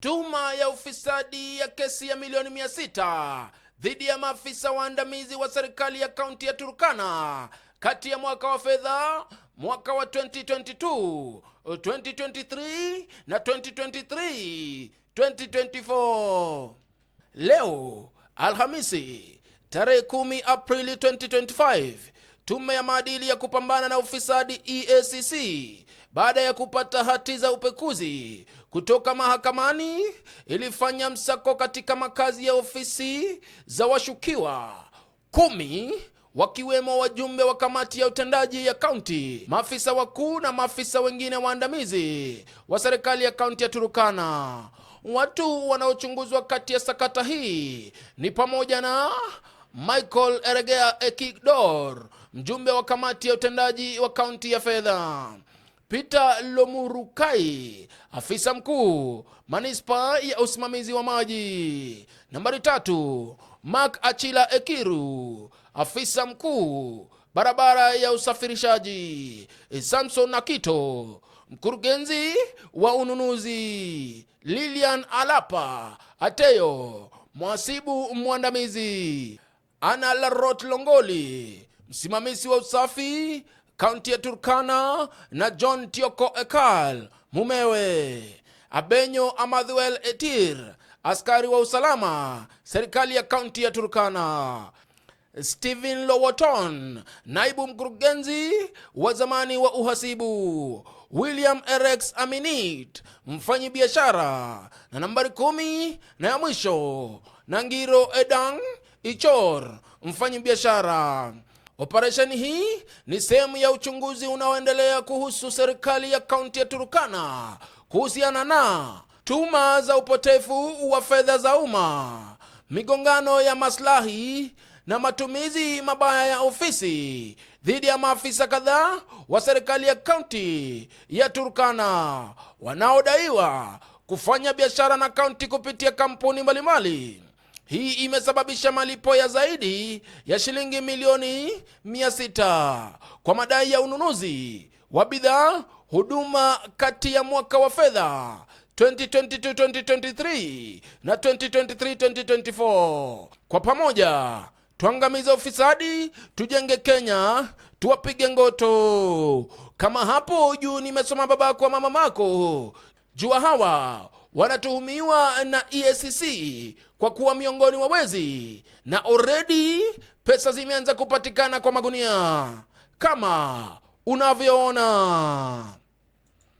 Tuhuma ya ufisadi ya kesi ya milioni mia sita dhidi ya maafisa waandamizi wa serikali ya kaunti ya Turkana kati ya mwaka wa fedha mwaka wa 2022 2023 na 2023 2024. Leo Alhamisi tarehe 10 Aprili 2025 Tume ya maadili ya kupambana na ufisadi EACC baada ya kupata hati za upekuzi kutoka mahakamani ilifanya msako katika makazi ya ofisi za washukiwa kumi wakiwemo wajumbe wa kamati ya utendaji ya kaunti, maafisa wakuu na maafisa wengine waandamizi wa serikali ya kaunti ya Turukana. Watu wanaochunguzwa kati ya sakata hii ni pamoja na Michael Eregea Ekidor Mjumbe wa kamati ya utendaji wa kaunti ya fedha Peter Lomurukai, afisa mkuu manispaa ya usimamizi wa maji. Nambari tatu, Mark Achila Ekiru, afisa mkuu barabara ya usafirishaji. Samson Nakito, mkurugenzi wa ununuzi. Lilian Alapa Ateyo, mwasibu mwandamizi. Ana Larot Longoli msimamizi wa usafi kaunti ya Turkana na John Tioko Ekal mumewe, Abenyo Amadhuel Etir askari wa usalama serikali ya kaunti ya Turkana, Stephen Lowoton naibu mkurugenzi wa zamani wa uhasibu, William Erex Aminit mfanyi biashara, na nambari kumi na ya mwisho Nangiro Edang Ichor mfanyi biashara. Operesheni hii ni sehemu ya uchunguzi unaoendelea kuhusu serikali ya kaunti ya Turukana kuhusiana na tuma za upotefu wa fedha za umma, migongano ya maslahi na matumizi mabaya ya ofisi dhidi ya maafisa kadhaa wa serikali ya kaunti ya Turukana wanaodaiwa kufanya biashara na kaunti kupitia kampuni mbalimbali. Hii imesababisha malipo ya zaidi ya shilingi milioni 600 kwa madai ya ununuzi wa bidhaa huduma kati ya mwaka wa fedha 2022-2023 na 2023-2024. Kwa pamoja tuangamize ufisadi, tujenge Kenya, tuwapige ngoto. Kama hapo juu nimesoma baba kwa mama mako, jua hawa wanatuhumiwa na EACC kwa kuwa miongoni mwa wezi, na already pesa zimeanza kupatikana kwa magunia kama unavyoona.